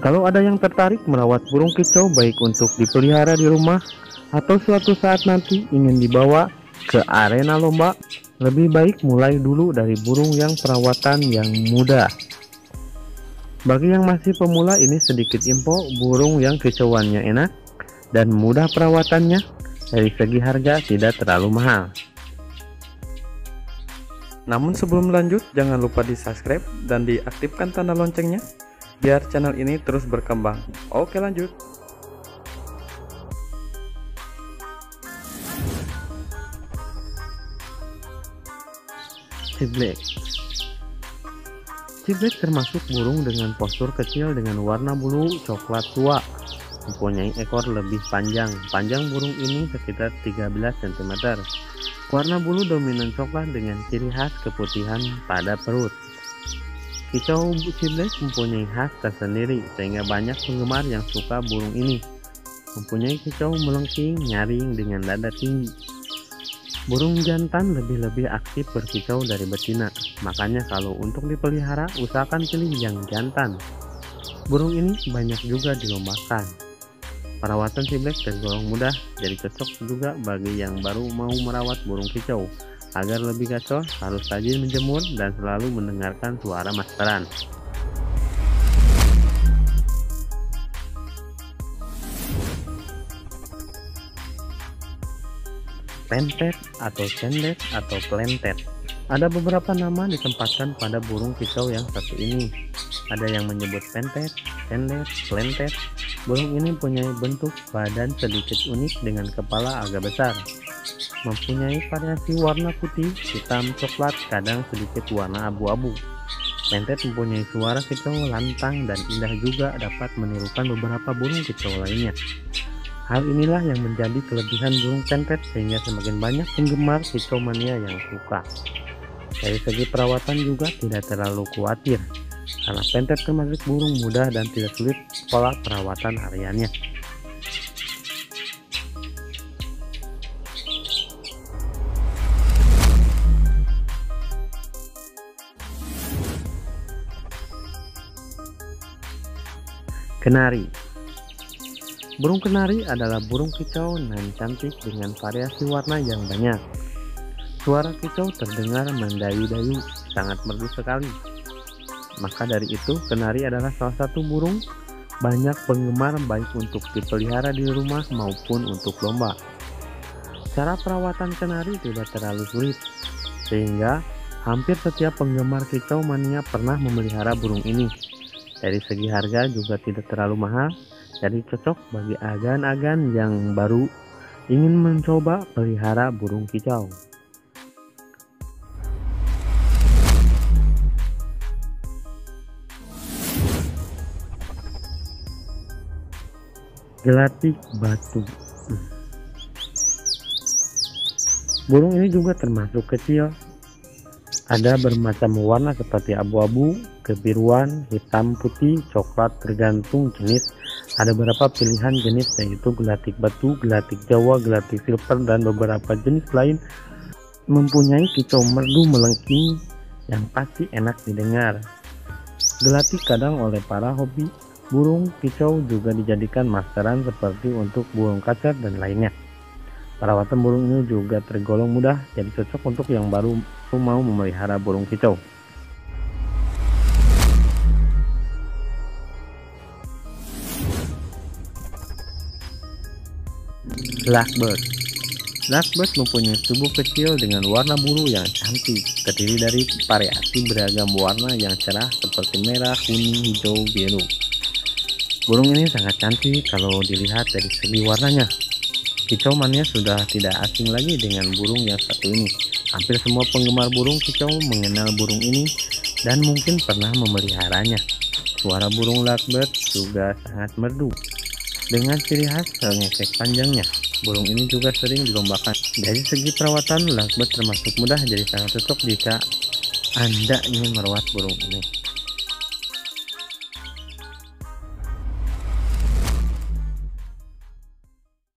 Kalau ada yang tertarik merawat burung kicau baik untuk dipelihara di rumah atau suatu saat nanti ingin dibawa ke arena lomba, lebih baik mulai dulu dari burung yang perawatan yang mudah. Bagi yang masih pemula ini sedikit info burung yang kicauannya enak dan mudah perawatannya dari segi harga tidak terlalu mahal. Namun sebelum lanjut jangan lupa di subscribe dan diaktifkan tanda loncengnya biar channel ini terus berkembang. Oke lanjut. Ciblek Ciblek termasuk burung dengan postur kecil dengan warna bulu coklat tua mempunyai ekor lebih panjang. Panjang burung ini sekitar 13 cm. Warna bulu dominan coklat dengan ciri khas keputihan pada perut. Kicau ciblek mempunyai khas tersendiri sehingga banyak penggemar yang suka burung ini. Mempunyai kicau melengking, nyaring dengan dada tinggi. Burung jantan lebih-lebih aktif berkicau dari betina, makanya kalau untuk dipelihara usahakan pilih yang jantan. Burung ini banyak juga dilombakan. Perawatan si tergolong mudah, jadi cocok juga bagi yang baru mau merawat burung kicau. Agar lebih kacau harus rajin menjemur dan selalu mendengarkan suara maskeran. Pentet atau cendet atau plentet ada beberapa nama ditempatkan pada burung kicau yang satu ini. Ada yang menyebut pentet, tendet, plentet. Burung ini punya bentuk badan sedikit unik dengan kepala agak besar. Mempunyai variasi warna putih, hitam, coklat, kadang sedikit warna abu-abu. Pentet mempunyai suara kicau lantang dan indah juga dapat menirukan beberapa burung kicau lainnya. Hal inilah yang menjadi kelebihan burung pentet sehingga semakin banyak penggemar kicau mania yang suka. Dari segi perawatan juga tidak terlalu khawatir, karena pentet termasuk burung mudah dan tidak sulit pola perawatan hariannya. Kenari Burung kenari adalah burung kicau dan cantik dengan variasi warna yang banyak. Suara kicau terdengar mendayu-dayu, sangat merdu sekali. Maka dari itu, kenari adalah salah satu burung banyak penggemar baik untuk dipelihara di rumah maupun untuk lomba. Cara perawatan kenari tidak terlalu sulit, sehingga hampir setiap penggemar kicau mania pernah memelihara burung ini. Dari segi harga juga tidak terlalu mahal, jadi cocok bagi agan-agan yang baru ingin mencoba pelihara burung kicau. gelatik batu. Burung ini juga termasuk kecil. Ada bermacam warna seperti abu-abu, kebiruan, hitam, putih, coklat, tergantung jenis. Ada beberapa pilihan jenis yaitu gelatik batu, gelatik jawa, gelatik silver, dan beberapa jenis lain mempunyai kicau merdu melengking yang pasti enak didengar. Gelatik kadang oleh para hobi Burung kicau juga dijadikan masteran seperti untuk burung kacer dan lainnya. Perawatan burung ini juga tergolong mudah, jadi cocok untuk yang baru mau memelihara burung kicau. Blackbird Blackbird mempunyai tubuh kecil dengan warna bulu yang cantik, terdiri dari variasi beragam warna yang cerah seperti merah, kuning, hijau, biru. Burung ini sangat cantik kalau dilihat dari segi warnanya. Kicau mania sudah tidak asing lagi dengan burung yang satu ini. Hampir semua penggemar burung kicau mengenal burung ini dan mungkin pernah memeliharanya. Suara burung lovebird juga sangat merdu. Dengan ciri khas sengesek panjangnya, burung ini juga sering dilombakan. Dari segi perawatan, lovebird termasuk mudah jadi sangat cocok jika Anda ingin merawat burung ini.